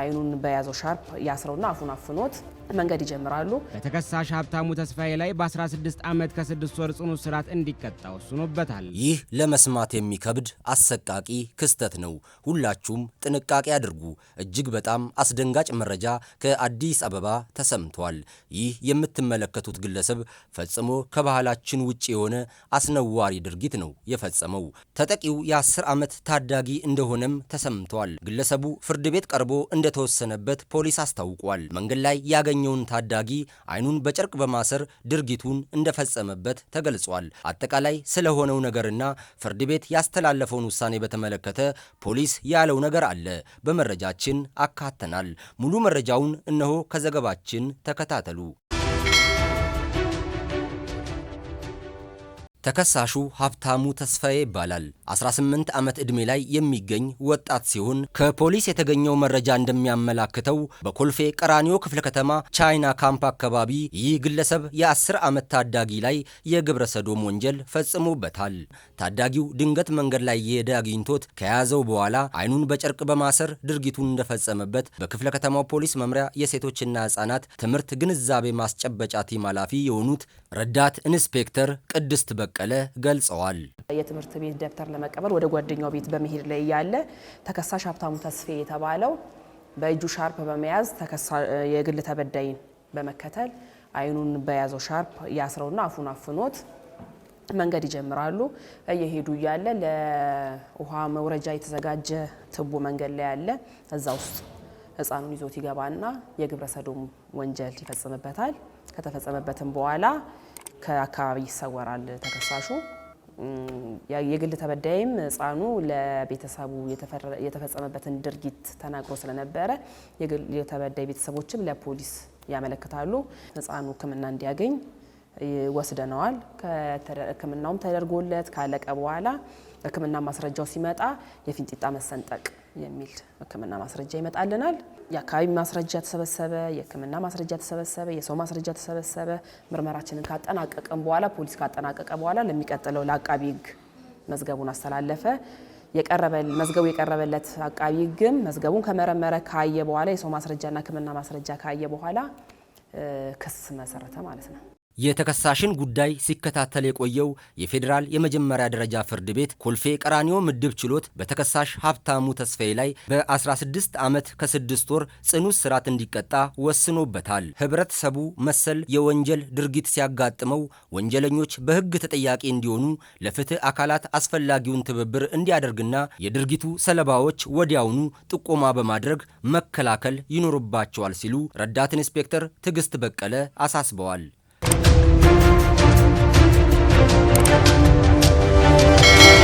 አይኑን በያዘው ሻርፕ ያስረውና አፉን አፍኖት መንገድ ይጀምራሉ። በተከሳሽ ሀብታሙ ተስፋዬ ላይ በ16 ዓመት ከ6 ወር ጽኑ እስራት እንዲቀጣ ወስኖበታል። ይህ ለመስማት የሚከብድ አሰቃቂ ክስተት ነው። ሁላችሁም ጥንቃቄ አድርጉ። እጅግ በጣም አስደንጋጭ መረጃ ከአዲስ አበባ ተሰምቷል። ይህ የምትመለከቱት ግለሰብ ፈጽሞ ከባህላችን ውጭ የሆነ አስነዋሪ ድርጊት ነው የፈጸመው። ተጠቂው የ10 ዓመት ታዳጊ እንደሆነም ተሰምቷል። ግለሰቡ ፍርድ ቤት ቀርቦ እንደተወሰነበት ፖሊስ አስታውቋል። መንገድ ላይ ያገኘውን ታዳጊ አይኑን በጨርቅ በማሰር ድርጊቱን እንደፈጸመበት ተገልጿል። አጠቃላይ ስለሆነው ነገርና ፍርድ ቤት ያስተላለፈውን ውሳኔ በተመለከተ ፖሊስ ያለው ነገር አለ በመረጃችን አካተናል። ሙሉ መረጃውን እነሆ ከዘገባችን ተከታተሉ። ተከሳሹ ሀብታሙ ተስፋዬ ይባላል። 18 ዓመት ዕድሜ ላይ የሚገኝ ወጣት ሲሆን ከፖሊስ የተገኘው መረጃ እንደሚያመላክተው በኮልፌ ቀራኒዮ ክፍለ ከተማ ቻይና ካምፕ አካባቢ ይህ ግለሰብ የ10 ዓመት ታዳጊ ላይ የግብረ ሰዶም ወንጀል ፈጽሞበታል። ታዳጊው ድንገት መንገድ ላይ እየሄደ አግኝቶት ከያዘው በኋላ አይኑን በጨርቅ በማሰር ድርጊቱን እንደፈጸመበት በክፍለ ከተማው ፖሊስ መምሪያ የሴቶችና ሕጻናት ትምህርት ግንዛቤ ማስጨበጫ ቲም ኃላፊ የሆኑት ረዳት ኢንስፔክተር ቅድስት በ በቀለ ገልጸዋል። የትምህርት ቤት ደብተር ለመቀበል ወደ ጓደኛው ቤት በመሄድ ላይ ያለ ተከሳሽ ሀብታሙ ተስፌ የተባለው በእጁ ሻርፕ በመያዝ የግል ተበዳይን በመከተል አይኑን በያዘው ሻርፕ ያስረውና አፉን አፍኖት መንገድ ይጀምራሉ። እየሄዱ እያለ ለውሃ መውረጃ የተዘጋጀ ትቦ መንገድ ላይ ያለ እዛ ውስጥ ህፃኑን ይዞት ይገባና የግብረ ሰዶም ወንጀል ይፈጽምበታል። ከተፈጸመበትም በኋላ ከአካባቢ ይሰወራል ተከሳሹ። የግል ተበዳይም ህፃኑ ለቤተሰቡ የተፈጸመበትን ድርጊት ተናግሮ ስለነበረ የግል ተበዳይ ቤተሰቦችም ለፖሊስ ያመለክታሉ። ህፃኑ ሕክምና እንዲያገኝ ወስደነዋል። ሕክምናውም ተደርጎለት ካለቀ በኋላ ሕክምና ማስረጃው ሲመጣ የፊንጢጣ መሰንጠቅ የሚል ሕክምና ማስረጃ ይመጣልናል። የአካባቢ ማስረጃ ተሰበሰበ፣ የሕክምና ማስረጃ ተሰበሰበ፣ የሰው ማስረጃ ተሰበሰበ። ምርመራችንን ካጠናቀቀን በኋላ ፖሊስ ካጠናቀቀ በኋላ ለሚቀጥለው ለአቃቢ ሕግ መዝገቡን አስተላለፈ። መዝገቡ የቀረበለት አቃቢ ሕግም መዝገቡን ከመረመረ ካየ በኋላ የሰው ማስረጃና ሕክምና ማስረጃ ካየ በኋላ ክስ መሰረተ ማለት ነው። የተከሳሽን ጉዳይ ሲከታተል የቆየው የፌዴራል የመጀመሪያ ደረጃ ፍርድ ቤት ኮልፌ ቀራኒዮ ምድብ ችሎት በተከሳሽ ሀብታሙ ተስፋዬ ላይ በ16 ዓመት ከ6 ወር ጽኑ እስራት እንዲቀጣ ወስኖበታል። ህብረተሰቡ መሰል የወንጀል ድርጊት ሲያጋጥመው ወንጀለኞች በህግ ተጠያቂ እንዲሆኑ ለፍትህ አካላት አስፈላጊውን ትብብር እንዲያደርግና የድርጊቱ ሰለባዎች ወዲያውኑ ጥቆማ በማድረግ መከላከል ይኖርባቸዋል ሲሉ ረዳት ኢንስፔክተር ትዕግስት በቀለ አሳስበዋል። フフフフ。